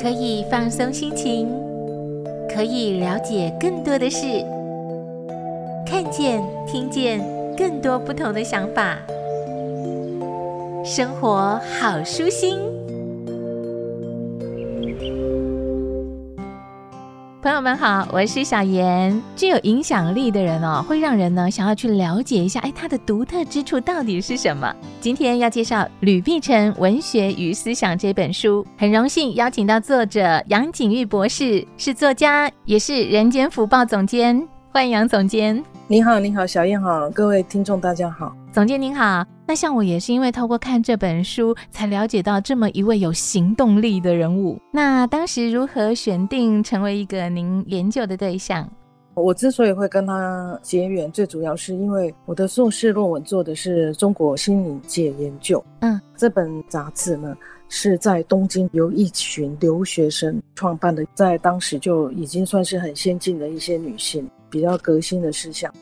可以放鬆心情，可以了解更多的事，看見、聽見更多不同的想法，生活好舒心。朋友們好，我是小娮。具有影響力的人哦，會讓人呢想要去了解一下，哎，他的獨特之處到底是什麼？今天要介紹《呂碧城文學與思想》這本書，很榮幸邀請到作者楊錦玉博士，是作家，也是《人間福報》總監。歡迎楊總監。你好，你好，小娮好，各位聽眾大家好。總監您好。那像我也是因為透過看這本書，才了解到這麼一位有行動力的人物。那當時如何選定成為一個您研究的對象？我之所以會跟他結緣，最主要是因為我的碩士論文做的是中國新女界研究。嗯，這本雜誌呢，是在東京由一群留學生創辦的，在當時就已經算是很先進的一些女性比較革新的思想。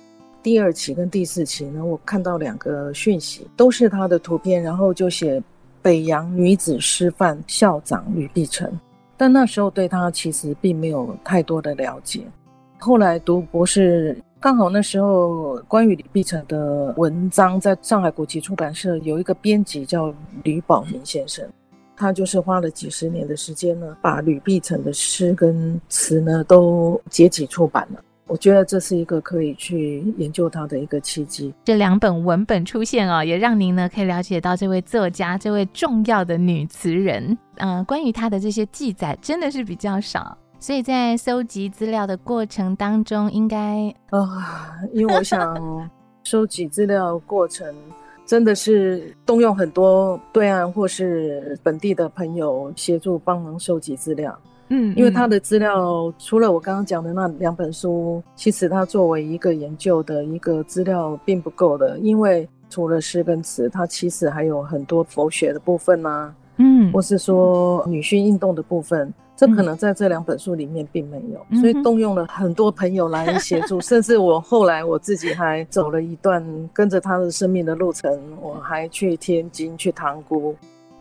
第二期跟第四期呢，我看到兩個訊息，都是他的圖片，然後就寫北洋女子師範校長呂碧城，但那時候對他其實並沒有太多的了解。後來讀博士，剛好那時候關於呂碧城的文章，在上海古籍出版社有一個編輯叫呂寶明先生，他就是花了幾十年的時間呢，把呂碧城的詩跟詞呢都結集出版了。我覺得這是一個可以去研究它的一個契機。這兩本文本出現哦，也讓您呢可以了解到這位作家、這位重要的女詞人。嗯，關於她的這些記載真的是比較少，所以在搜集資料的過程當中，應該啊、呃，因為我想收集資料過程真的是動用很多對岸或是本地的朋友協助幫忙收集資料。嗯，因為他的資料、嗯嗯、除了我剛剛講的那兩本書，其實他作為一個研究的一個資料並不夠的，因為除了詩跟詞，他其實還有很多佛學的部分吶、啊，嗯，或是說女性運動的部分，這可能在這兩本書裡面並沒有，嗯、所以動用了很多朋友來協助、嗯，甚至我後來我自己還走了一段跟着他的生命的路程，我還去天津去塘沽。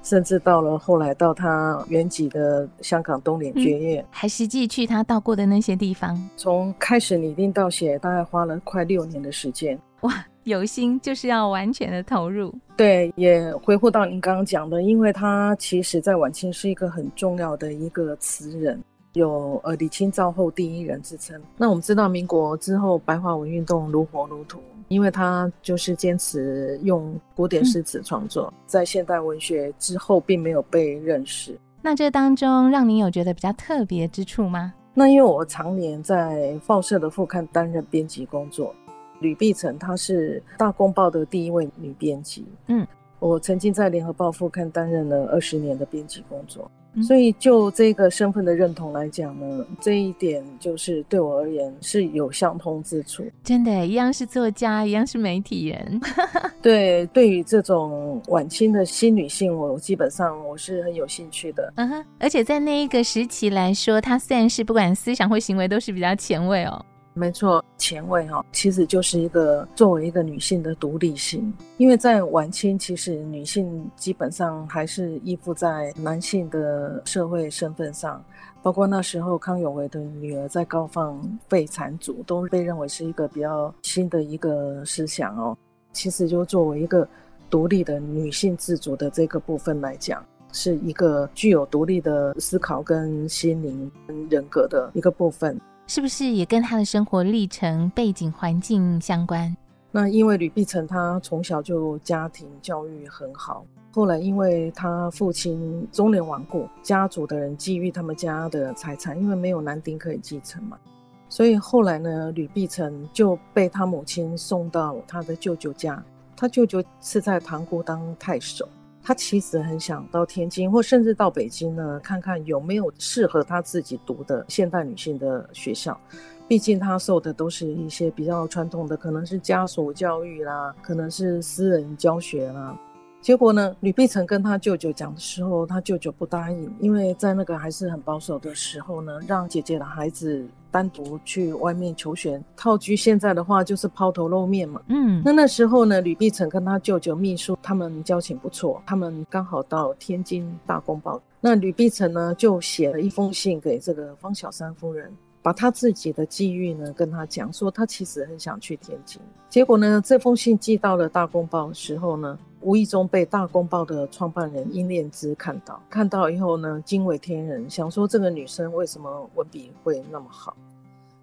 甚至到了後來，到他原籍的香港東蓮覺苑、嗯，還實際去他到過的那些地方。從開始擬定到寫，大概花了快六年的時間。哇，有心就是要完全的投入。對，也回復到您剛剛講的，因為他其實在晚清是一個很重要的一個詞人，有呃“李清照後第一人”之稱。那我們知道，民國之後白話文運動如火如荼。因為他就是堅持用古典詩詞創作、嗯，在現代文學之後並沒有被認識。那這當中讓您有覺得比較特別之處嗎？那因為我常年在報社的副刊擔任編輯工作，呂碧城她是大公報的第一位女編輯。嗯，我曾經在聯合報副刊擔任了二十年的編輯工作。所以，就這個身份的認同來講呢，這一點就是對我而言是有相通之處。真的，一樣是作家，一樣是媒體人。 對，對於這種晚清的新女性，我基本上我是很有興趣的。嗯哼，而且在那一個時期來說，她雖然是不管思想或行為都是比較前衛哦。沒錯，前衛哈、哦，其實就是一個作為一個女性的獨立性，因為在晚清，其實女性基本上還是依附在男性的社會身份上，包括那時候康有為的女兒在高放廢纏足，都被認為是一個比較新的一個思想哦。其實就作為一個獨立的女性自主的這個部分來講，是一個具有獨立的思考跟心靈跟人格的一個部分。是不是也跟他的生活歷程、背景環境相關？那因為呂碧城他從小就家庭教育很好，後來因為他父親中年亡故，家族的人覬覦他們家的財產，因為沒有男丁可以繼承嘛，所以後來呢，呂碧城就被他母親送到他的舅舅家，他舅舅是在塘沽當太守。他其實很想到天津，或甚至到北京呢，看看有沒有適合他自己讀的現代女性的學校。畢竟他受的都是一些比較傳統的，可能是家塾教育啦，可能是私人教學啦。結果呢，呂碧城跟他舅舅講的時候，他舅舅不答應，因為在那個還是很保守的時候呢，讓姐姐的孩子單獨去外面求學。套句現在的話就是拋頭露面嘛。嗯，那那時候呢，呂碧城跟他舅舅秘書他們交情不錯，他們剛好到天津大公報。那呂碧城呢就寫了一封信給這個方小三夫人，把他自己的際遇呢跟他講，說他其實很想去天津。結果呢，這封信寄到了大公報的時候呢。無意中被《大公報》的創辦人英斂之看到，看到以後呢，驚為天人，想說這個女生為什麼文筆會那麼好？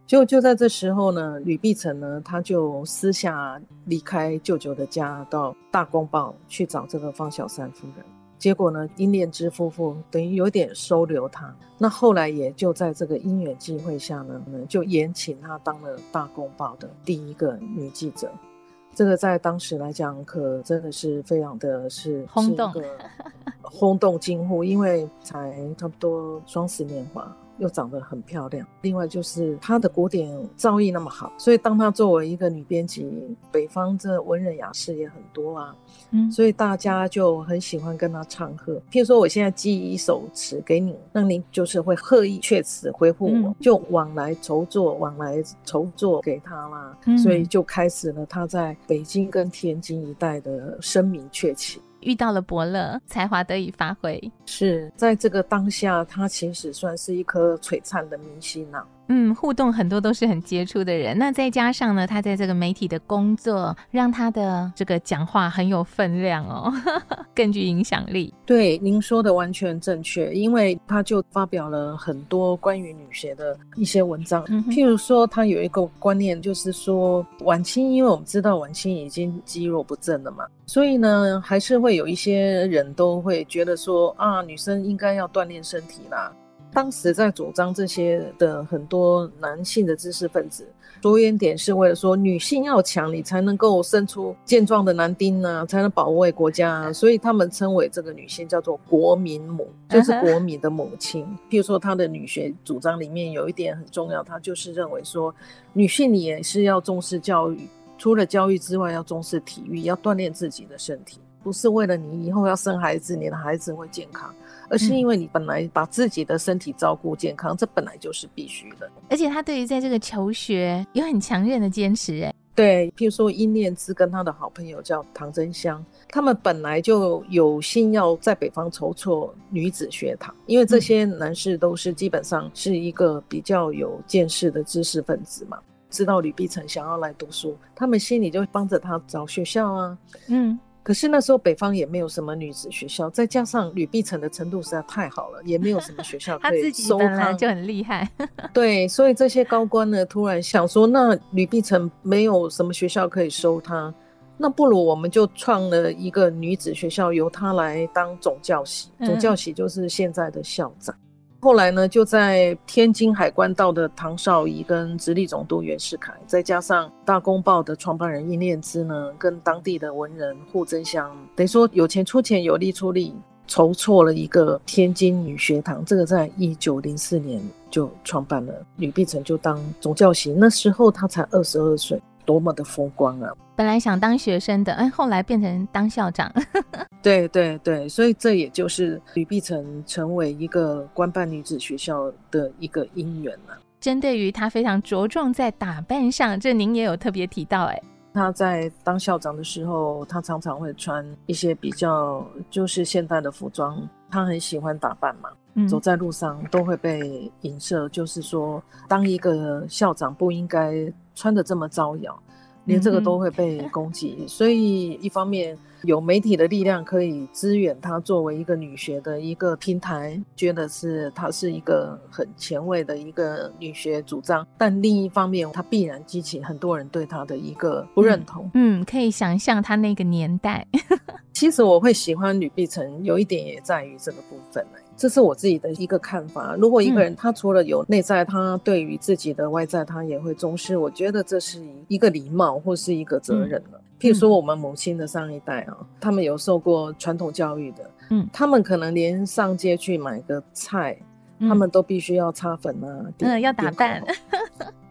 就就在這時候呢，呂碧城呢，她就私下離開舅舅的家，到《大公報》去找這個方小三夫人。結果呢，英斂之夫婦等於有點收留他。那後來也就在這個因緣際會下呢，就延請他當了《大公報》的第一個女記者。這個在當時來講，可真的是非常的是轟動，轟動京滬，因為才差不多雙十年華。又長得很漂亮，另外就是她的古典造詣那麼好，所以當她作為一個女編輯，北方這文人雅士也很多啊，嗯、所以大家就很喜歡跟她唱和。譬如說，我現在寄一首詞給你，那你就是會和一闋詞回復我，嗯、就往來酬作，往來酬作給她啦、嗯，所以就開始了她在北京跟天津一帶的聲名鵲起。遇到了伯樂，才華得以發揮。是在這個當下，他其實算是一顆璀璨的明星呢、啊。嗯，互動很多都是很傑出的人，那再加上呢，他在這個媒體的工作，讓他的這個講話很有分量哦呵呵，更具影響力。對，您說的完全正確，因為他就發表了很多關於女學的一些文章，嗯、譬如說，他有一個觀念，就是說晚清，因為我們知道晚清已經積弱不振了嘛，所以呢，還是會有一些人都會覺得說啊，女生應該要鍛鍊身體啦。當時在主張這些的很多男性的知識分子，着眼點是為了說女性要強，你才能夠生出健壯的男丁呢、啊，才能保衛國家、啊。所以他們稱為這個女性叫做國民母，就是國民的母親。Uh -huh. 譬如說她的女學主張裡面有一點很重要，她就是認為說，女性你也是要重視教育，除了教育之外，要重視體育，要鍛鍊自己的身體，不是為了你以後要生孩子，你的孩子會健康，而是因為你本來把自己的身體照顧健康、嗯，這本來就是必須的。而且他對於在這個求學有很強烈的堅持、欸，對，譬如說英斂之跟他的好朋友叫唐真香，他們本來就有心要在北方籌措女子學堂，因為這些男士都是基本上是一個比較有見識的知識分子嘛，知道呂碧城想要來讀書，他們心裡就幫着他找學校啊，嗯。可是那時候北方也沒有什麼女子學校，再加上呂碧城的程度實在太好了，也沒有什麼學校可以收她 他，就很厲害。 對，所以這些高官呢，突然想說，那呂碧城沒有什麼學校可以收她，那不如我們就創了一個女子學校，由她來當總教習，總教習就是現在的校長。嗯後來呢，就在天津海關道的唐紹儀跟直隸總督袁世凱，再加上《大公報》的創辦人英斂之呢，跟當地的文人傅增湘，等於說有錢出錢，有力出力，籌措了一個天津女學堂。這個在一九零四年就創辦了，呂碧城就當總教習，那時候她才二十二歲。多麼的風光啊！本來想當學生的，哎、欸，後來變成當校長。 對對對，所以這也就是呂碧城成為一個官辦女子學校的一個姻緣了、啊。針對於她非常着重在打扮上，這您也有特別提到、欸，哎，她在當校長的時候，她常常會穿一些比較就是現代的服裝，她很喜歡打扮嘛、嗯，走在路上都會被影射，就是說當一個校長不應該穿的這麼招搖，連這個都會被攻擊、嗯，所以一方面有媒體的力量可以支援她作為一個女學的一個平台，覺得是她是一個很前衛的一個女學主張，但另一方面，她必然激起很多人對她的一個不認同。嗯，嗯，可以想象她那個年代。 其實我會喜歡呂碧城，有一點也在於這個部分呢、欸。這是我自己的一個看法。如果一個人他除了有內在，嗯、他對於自己的外在，他也會重視。我覺得這是一個禮貌，或是一個責任了、嗯、譬如說，我們母親的上一代啊，他們有受過傳統教育的，嗯，他們可能連上街去買個菜，嗯、他們都必須要擦粉啊，嗯，嗯要打扮。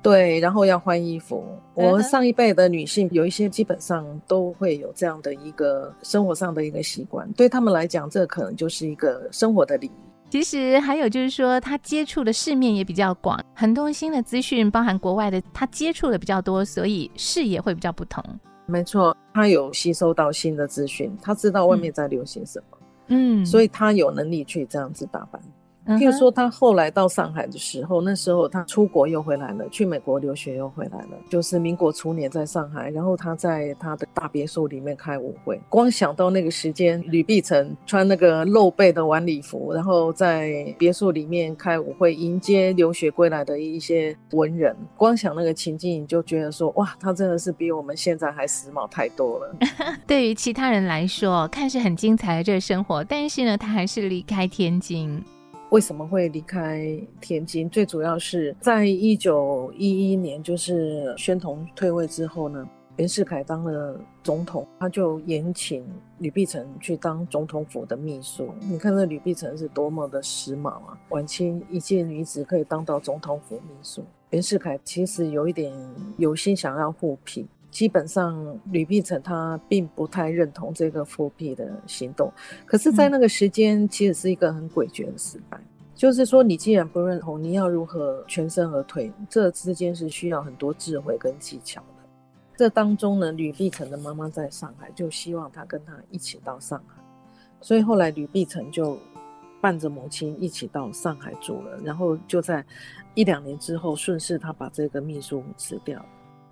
對，然後要換衣服。我上一輩的女性有一些，基本上都會有這樣的一個生活上的一個習慣。對他們來講，這可能就是一個生活的禮儀。其實還有就是說，她接觸的世面也比較廣，很多新的資訊，包含國外的，她接觸的比較多，所以視野會比較不同。沒錯，她有吸收到新的資訊，她知道外面在流行什麼，嗯，所以她有能力去這樣子打扮。比如說，他後來到上海的時候，uh -huh. 那時候他出國又回來了，去美國留學又回來了。就是民國初年在上海，然後他在他的大別墅裡面開舞會。光想到那個時間，呂碧城穿那個露背的晚禮服，然後在別墅裡面開舞會，迎接留學歸來的一些文人。光想那個情境，你就覺得說，哇，他真的是比我們現在還時髦太多了。 對於其他人來說，看似很精彩的這個生活，但是呢，他還是離開天津。為什麼會離開天津？最主要是在一九一一年，就是宣統退位之後呢，袁世凱當了總統，他就延請呂碧城去當總統府的秘書。你看那呂碧城是多麼的時髦啊！晚清一介女子可以當到總統府秘書，袁世凱其實有一點有心想要護聘。基本上，呂碧城他並不太認同這個復辟的行動，可是，在那個時間，嗯，其實是一個很詭譎的時代。就是說，你既然不認同，你要如何全身而退？這之間是需要很多智慧跟技巧的。這當中呢，呂碧城的媽媽在上海，就希望他跟他一起到上海，所以後來呂碧城就伴着母親一起到上海住了，然後就在一兩年之後，順勢他把這個秘書辭掉了。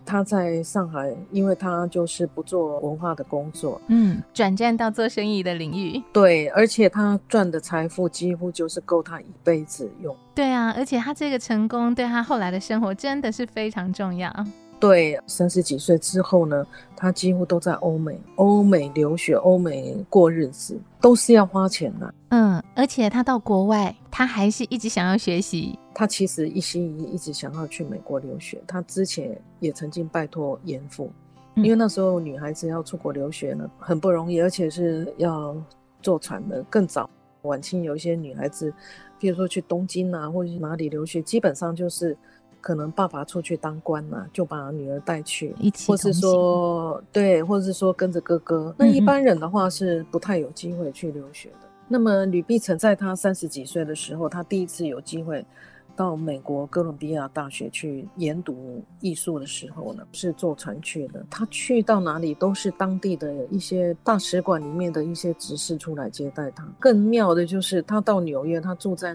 他在上海，因為他就是不做文化的工作，嗯，轉戰到做生意的領域，對，而且他賺的財富幾乎就是夠他一輩子用。對啊，而且他這個成功對他後來的生活真的是非常重要。對，三十幾歲之後呢，他幾乎都在歐美，歐美留學，歐美過日子都是要花錢的啊。嗯，而且他到國外。他還是一直想要學習。他其實一心一意，一直想要去美國留學。他之前也曾經拜託嚴復，因為那時候女孩子要出國留學呢，很不容易，而且是要坐船的，更早。晚清有一些女孩子，比如說去東京啊，或者是哪裡留學，基本上就是可能爸爸出去當官啊，就把女兒帶去，一起，或是說對，或是說跟着哥哥。那一般人的話，是不太有機會去留學的。那麼，呂碧城在他三十幾歲的時候，他第一次有機會到美國哥倫比亞大學去研讀藝術的時候呢，是坐船去的。他去到哪裡都是當地的一些大使館裡面的一些執事出來接待他。更妙的就是他到紐約，他住在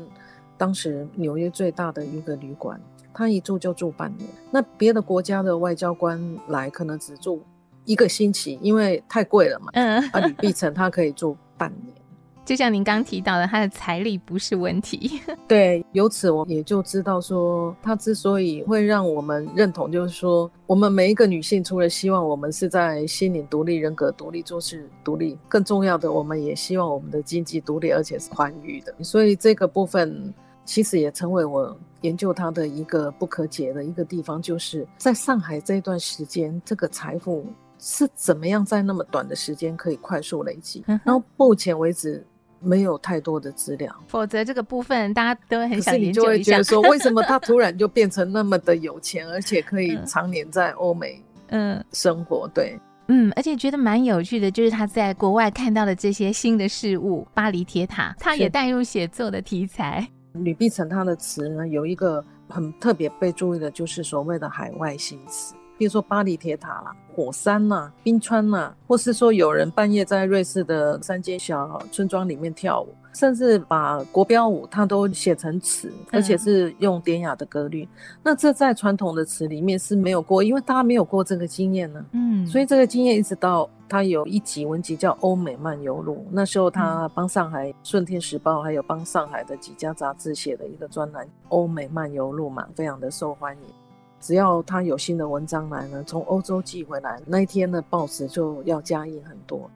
當時紐約最大的一個旅館，他一住就住半年。那別的國家的外交官來可能只住一個星期，因為太貴了嘛。嗯。 啊，呂碧城他可以住半年。就像您剛提到的，她的財力不是問題。對，由此我也就知道說，她之所以會讓我們認同，就是說，我們每一個女性，除了希望我們是在心靈獨立、人格獨立、做事獨立，更重要的，我們也希望我們的經濟獨立，而且是寬裕的。所以這個部分其實也成為我研究她的一個不可解的一個地方，就是在上海這一段時間，這個財富是怎麼樣在那麼短的時間可以快速累積，然後、嗯、目前為止。沒有太多的資料，否則這個部分大家都很想研究一下。就會覺得說為什麼他突然就變成那麼的有錢， 而且可以常年在歐美嗯生活嗯。對，嗯，而且覺得蠻有趣的，就是他在國外看到的這些新的事物，巴黎鐵塔，他也帶入寫作的題材。呂碧城他的詞呢，有一個很特別被注意的，就是所謂的海外新詞。比如說巴黎鐵塔啦、啊、火山吶、啊、冰川吶、啊，或是說有人半夜在瑞士的山間小村莊裡面跳舞，甚至把國標舞它都寫成詞，而且是用典雅的格律、嗯。那這在傳統的詞裡面是沒有過，因為大家沒有過這個經驗呢、啊。嗯，所以這個經驗一直到他有一集文集叫《歐美漫遊錄》，那時候他幫上海《順天時報》還有幫上海的幾家雜誌寫的一個專欄《歐美漫遊錄》嘛，非常的受歡迎。只要他有新的文章來呢，從歐洲寄回來那天的報紙就要加印很多。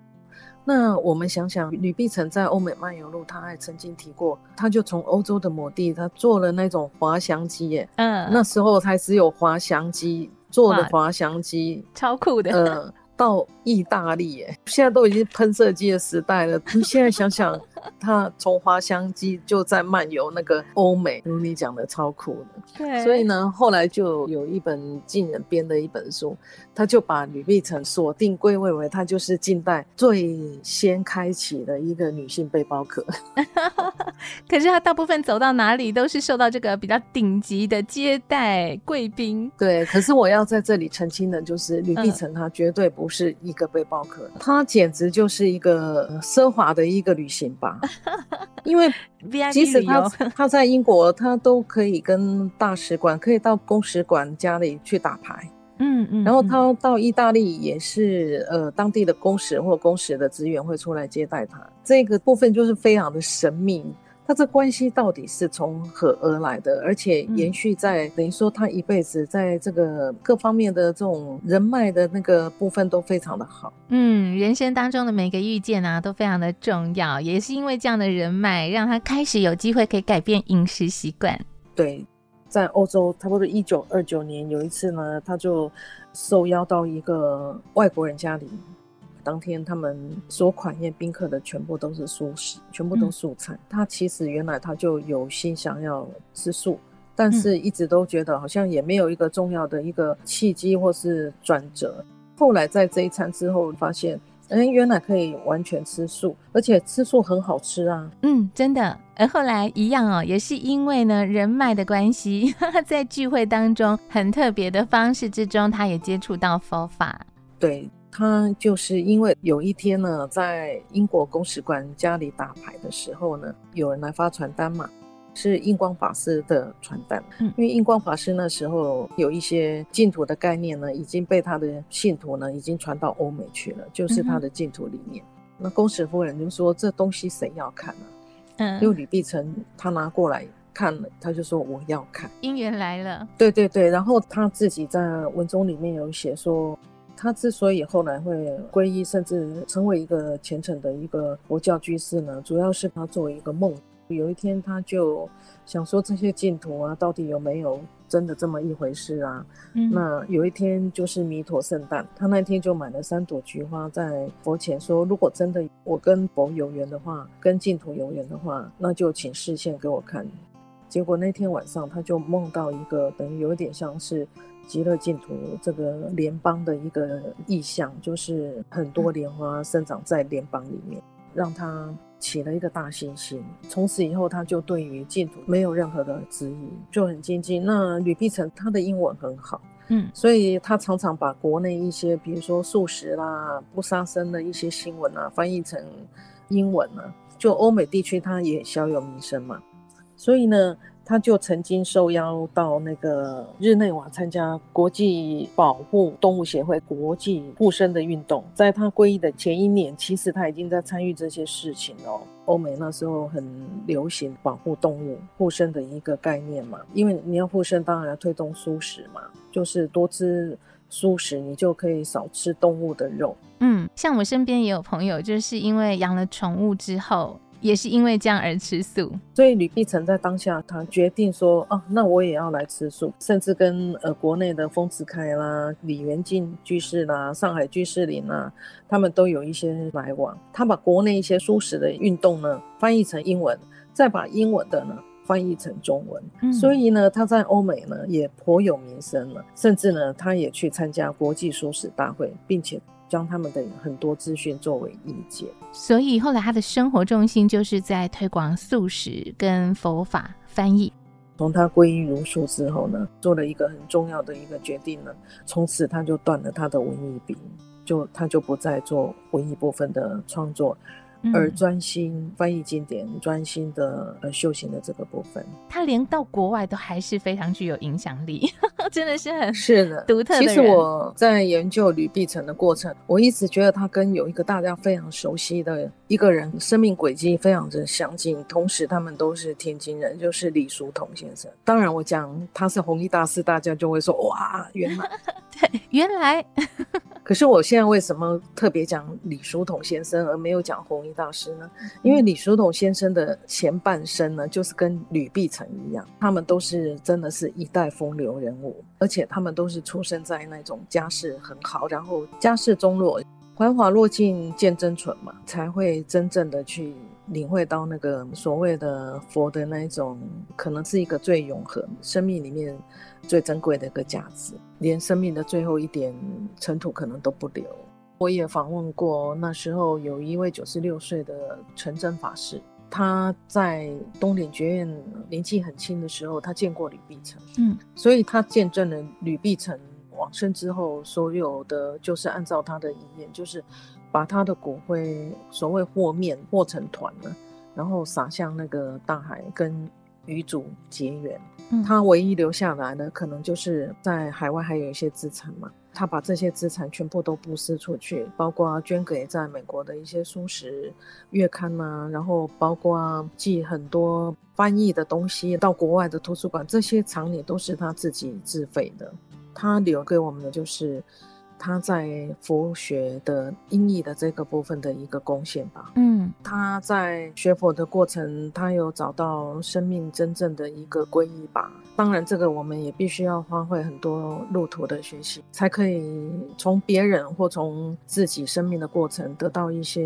那我們想想，呂碧城在《歐美漫遊錄》，他還曾經提過，他就從歐洲的某地，他做了那種滑翔機耶。嗯，那時候才只有滑翔機，做的滑翔機，超酷的。嗯、呃。到意大利，耶，現在都已經噴射機的時代了。你現在想想，他從滑翔機就在漫遊那個歐美，嗯，你講的超酷的。對。所以呢，後來就有一本近人編的一本書，他就把呂碧城鎖定歸位為他就是近代最先開啟的一個女性背包客。哈哈哈。可是他大部分走到哪裡都是受到這個比較頂級的接待貴賓。對。可是我要在這裡澄清的就是，呂碧城他絕對不會，嗯。不是一個背包客，他簡直就是一個奢華的一個旅行吧。 因為即使他他在英國他都可以跟大使館，可以到公使館家裡去打牌。嗯嗯，然後他到意大利也是呃當地的公使或公使的職員會出來接待他，這個部分就是非常的神秘。他這關係到底是從何而來的？而且延續在等於說他一輩子在這個各方面的這種人脈的那個部分都非常的好。嗯，人生當中的每個遇見啊都非常的重要，也是因為這樣的人脈，讓他開始有機會可以改變飲食習慣。對，在歐洲差不多一九二九年有一次呢，他就受邀到一個外國人家裡。當天他們所款宴賓客的全部都是素食，全部都素菜，嗯。他其實原來他就有心想要吃素，但是一直都覺得好像也沒有一個重要的一個契機或是轉折。後來在這一餐之後發現，哎，嗯，原來可以完全吃素，而且吃素很好吃啊！嗯，真的。而後來一樣哦，也是因為呢人脈的關係， 在聚會當中很特別的方式之中，他也接觸到佛法。對。他就是因為有一天呢，在英國公使館家裡打牌的時候呢，有人來發傳單嘛，是印光法師的傳單。嗯。因為印光法師那時候有一些淨土的概念呢，已經被他的信徒呢已經傳到歐美去了，就是他的淨土裡面。嗯。那公使夫人就說：“這東西誰要看啊？”嗯，因為呂碧城他拿過來看了，他就說：“我要看。”姻緣來了。對對對，然後他自己在文中裡面有寫說。他之所以後來會皈依，甚至成為一個虔誠的一個佛教居士呢，主要是他做一個夢。有一天，他就想說這些淨土啊，到底有沒有真的這麼一回事啊？那有一天就是彌陀聖誕，他那天就買了三朵菊花在佛前說：“如果真的我跟佛有緣的話，跟淨土有緣的話，那就請示現給我看。”結果那天晚上，他就夢到一個等於有一點像是。極樂淨土這個聯邦的一個意象，就是很多蓮花生長在聯邦裡面，嗯，讓他起了一個大信心。從此以後，他就對於淨土沒有任何的質疑，就很堅定。那呂碧城他的英文很好，嗯，所以他常常把國內一些比如說素食啦、不殺生的一些新聞啊，翻譯成英文啊，就歐美地區他也小有名聲嘛。所以呢。他就曾經受邀到那個日內瓦參加國際保護動物協會、國際護生的運動，在他皈依的前一年，其實他已經在參與這些事情哦。歐美那時候很流行保護動物、護生的一個概念嘛，因為你要護生，當然要推動素食嘛，就是多吃素食，你就可以少吃動物的肉。嗯，像我身邊也有朋友，就是因為養了寵物之後。也是因為這樣而吃素，所以呂碧城，在當下他決定說，哦、啊，那我也要來吃素，甚至跟呃國內的豐子愷啦、李圓淨居士啦、上海居士林啦，他們都有一些來往。他把國內一些蔬食的運動呢翻譯成英文，再把英文的呢翻譯成中文，嗯、所以呢他在歐美呢也頗有名聲了，甚至呢他也去參加國際蔬食大會，並且。將他們的很多資訊作為意見，所以後來他的生活重心就是在推廣素食跟佛法翻譯。從他皈依茹素之後呢，做了一個很重要的一個決定呢，從此他就斷了他的文藝筆，就他就不再做文藝部分的創作。而專心翻譯經典，專、嗯、心的呃修行的這個部分，他連到國外都還是非常具有影響力， 真的是很的是的，獨特。其實我在研究呂碧城的過程，我一直覺得他跟有一個大家非常熟悉的一個人生命軌跡非常的相近，同時他們都是天津人，就是李叔同先生。當然，我講他是弘一大師，大家就會說哇，原來 對，原來。 可是我現在為什麼特別講李叔同先生，而沒有講弘一？大師呢？因為李叔同先生的前半生呢，就是跟呂碧城一樣，他們都是真的是一代風流人物，而且他們都是出生在那種家世很好，然後家世中落，繁華落盡見真淳嘛，才會真正的去領會到那個所謂的佛的那一種，可能是一個最永恆，生命裡面最珍貴的一個價值，連生命的最後一點塵土可能都不留。我也訪問過，那時候有一位九十六歲的成真法師，他在東點學院年紀很輕的時候，他見過呂碧城，嗯，所以他見證了呂碧城往生之後，所有的就是按照他的遺願，就是把他的骨灰所謂和麵和成團了，然後撒向那個大海，跟魚主結緣。嗯。他唯一留下來的，可能就是在海外還有一些資產嘛。他把這些資產全部都布施出去，包括捐給在美國的一些書籍月刊吶、啊，然後包括寄很多翻譯的東西到國外的圖書館，這些廠裡都是他自己自費的。他留給我們的就是他在佛學的英譯的這個部分的一個貢獻吧。嗯。他在學佛的過程，他有找到生命真正的一個皈依吧。當然，這個我們也必須要花費很多路途的學習，才可以從別人或從自己生命的過程得到一些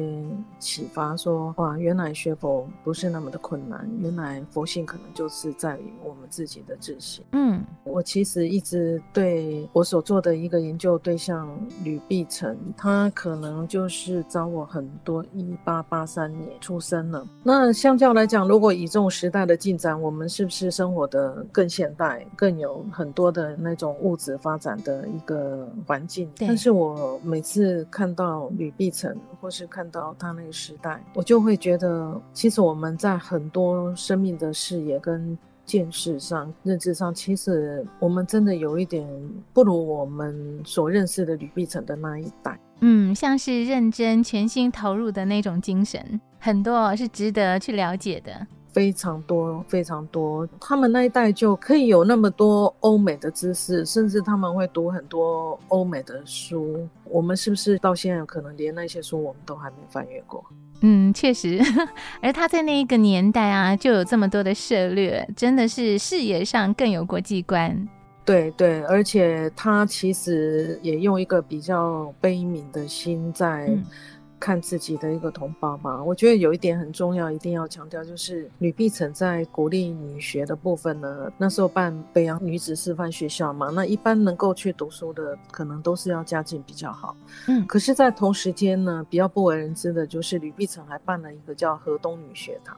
啟發說。說哇，原來學佛不是那麼的困難，原來佛性可能就是在於我們自己的自信。嗯，我其實一直對我所做的一個研究對象呂碧城，他可能就是找我很多一八八。三年出生了，那相較來講，如果以這種時代的進展，我們是不是生活的更現代，更有很多的那種物質發展的一個環境？對。但是我每次看到呂碧城，或是看到他那個時代，我就會覺得，其實我們在很多生命的視野跟見識上、認知上，其實我們真的有一點不如我們所認識的呂碧城的那一代。嗯，像是認真、全心投入的那種精神，很多是值得去了解的。非常多，非常多。他們那一代就可以有那麼多歐美的知識，甚至他們會讀很多歐美的書。我們是不是到現在可能連那些書我們都還沒翻閱過？嗯，確實。 而他在那一個年代啊，就有這麼多的涉略，真的是視野上更有國際觀。對對，而且他其實也用一個比較悲憫的心在看自己的一個同胞嘛。嗯、我覺得有一點很重要，一定要強調，就是呂碧城在鼓勵女學的部分呢。那時候辦北洋女子師範學校嘛，那一般能夠去讀書的，可能都是要家境比較好。嗯，可是，在同時間呢，比較不為人知的就是呂碧城還辦了一個叫河東女學堂。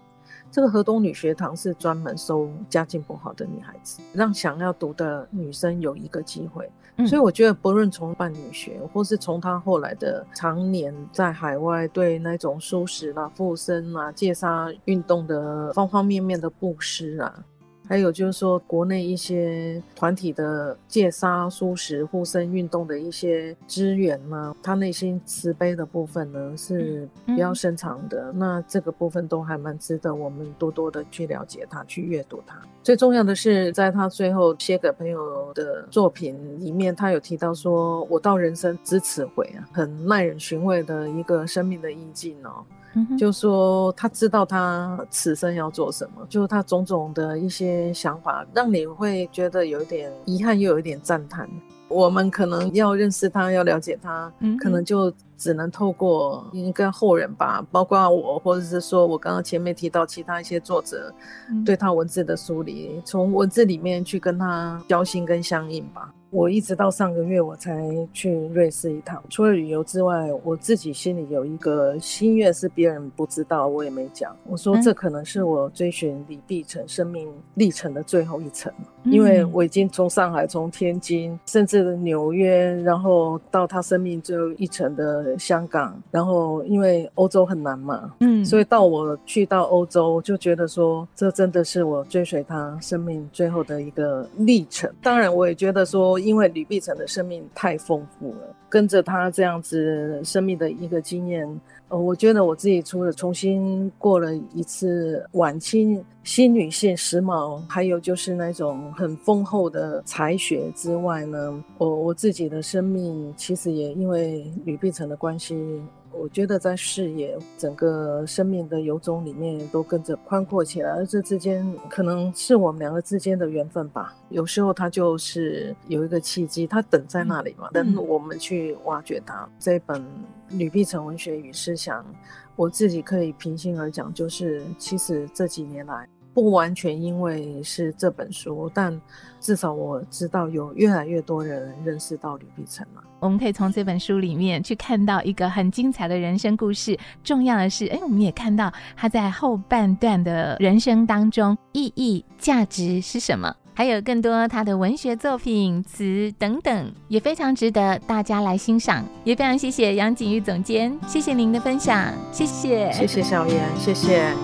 這個河東女學堂是專門收家境不好的女孩子，讓想要讀的女生有一個機會。嗯、所以我覺得，不論從辦女學，或是從她後來的常年在海外對那種素食、啦、放生啊、戒殺、啊、運動的方方面面的布施啊。還有就是說，國內一些團體的戒殺蔬食、護生運動的一些資源呢，他內心慈悲的部分呢是比較深藏的、嗯嗯。那這個部分都還蠻值得我們多多的去了解他，去閱讀他。最重要的是，在他最後寫給朋友的作品裡面，他有提到說：“我到人生只此回啊，很耐人尋味的一個生命的意境哦。”嗯、哼，就說他知道他此生要做什麼，就是他種種的一些想法，讓你會覺得有一點遺憾，又有一點讚嘆。我們可能要認識他，要了解他、嗯，可能就只能透過一個後人吧，包括我，或者是說我剛剛前面提到其他一些作者，對他文字的梳理、嗯，從文字裡面去跟他交心跟相應吧。我一直到上個月我才去瑞士一趟。除了旅遊之外，我自己心裡有一個心願是別人不知道，我也沒講。我說這可能是我追尋呂碧城生命歷程的最後一程。因為我已經從上海、從天津，甚至紐約，然後到他生命最後一程的香港，然後因為歐洲很難嘛，嗯，所以到我去到歐洲，就覺得說這真的是我追隨他生命最後的一個歷程。當然，我也覺得說，因為呂碧城的生命太豐富了。跟着他這樣子，生命的一個經驗，呃，我覺得我自己除了重新過了一次晚清新女性時髦，還有就是那種很豐厚的才學之外呢，我、呃、我自己的生命其實也因為呂碧城的關係。我覺得在視野、整個生命的游走裡面都跟着寬闊起來，而這之間可能是我們兩個之間的緣分吧。有時候他就是有一個契機，他等在那裡嘛，等我們去挖掘它。這本《呂碧城文學與思想》，我自己可以平心而講，就是其實這幾年來。不完全因為是這本書，但至少我知道有越來越多人認識到呂碧城了。我們可以從這本書裡面去看到一個很精彩的人生故事。重要的是，誒、欸，我們也看到他在後半段的人生當中意義價值是什麼，還有更多他的文學作品、詞等等，也非常值得大家來欣賞。也非常謝謝楊景玉總監，謝謝您的分享，謝謝，謝謝小娮，謝謝。